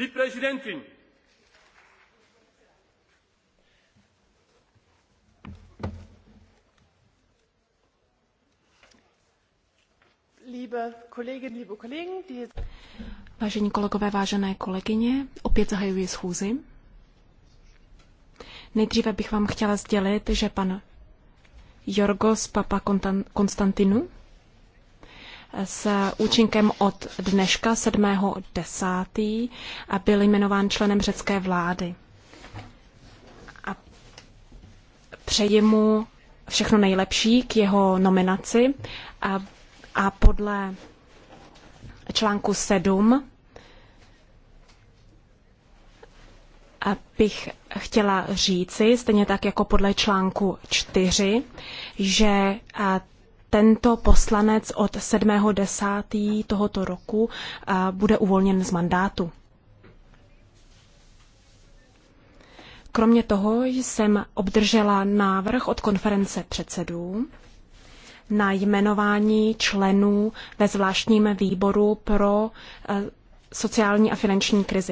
Die Präsidentin! Liebe Kolleginnen, liebe Kollegen, die... Vážení kolegové, vážené kolegyně, opět zahajuji schůzi. Nejdříve bych vám chtěla sdělit, že pan Jorgos Papa Konstantinu s účinkem od dneška 7.10. a byl jmenován členem řecké vlády. A přeji mu všechno nejlepší k jeho nominaci a, a podle článku 7 A bych chtěla říci, stejně tak jako podle článku 4, že tento poslanec od 7.10. tohoto roku eh, bude uvolněn z mandátu. Kromě toho jsem obdržela návrh od konference předsedů na jmenování členů ve zvláštním výboru pro eh, sociální a finanční krizi.